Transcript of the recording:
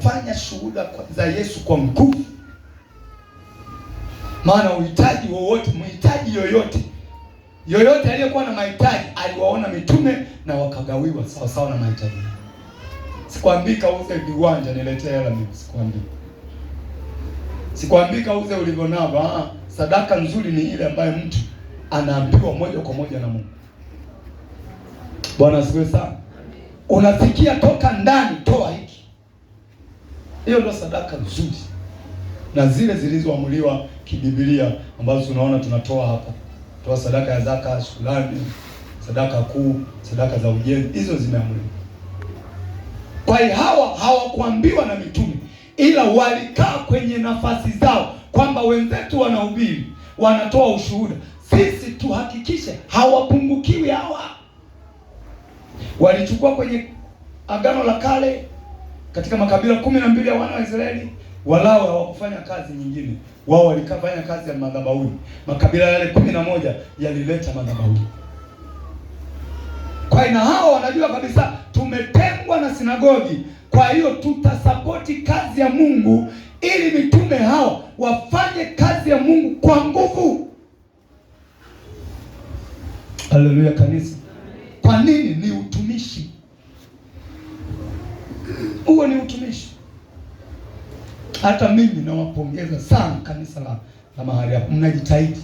fanya shuhuda za Yesu kwa nguvu, maana uhitaji wowote, mhitaji yoyote yoyote aliyekuwa na mahitaji aliwaona mitume na wakagawiwa sawa sawa na mahitaji. Sikwambii kauze viwanja niletee hela mimi, sikwambii, sikwambii kauze ulivyonavyo. Ah, sadaka nzuri ni ile ambayo mtu anaambiwa moja kwa moja na Mungu. Bwana asifiwe sana. Unasikia toka ndani hiyo ndio sadaka nzuri na zile zilizoamuliwa kibibilia ambazo tunaona tunatoa hapa, toa sadaka ya zaka, shukrani, sadaka kuu, sadaka za ujenzi, hizo zimeamuliwa. Kwa hiyo hawa hawakuambiwa na mitume, ila walikaa kwenye nafasi zao kwamba wenzetu wanahubiri, wanatoa ushuhuda, sisi tuhakikishe hawapungukiwi hawa. Walichukua kwenye Agano la Kale katika makabila kumi na mbili ya wana wa Israeli walao hawakufanya kazi nyingine, wao walikafanya kazi ya madhabahuni. Makabila yale kumi na moja yalileta madhabahuni kwa ina, hao wanajua kabisa tumetengwa na sinagogi, kwa hiyo tutasapoti kazi ya Mungu ili mitume hao wafanye kazi ya Mungu kwa nguvu. Haleluya kanisa. Kwa nini? Ni utumishi. Huo ni utumishi. Hata mimi nawapongeza sana kanisa la, la mahali hapo, mnajitahidi.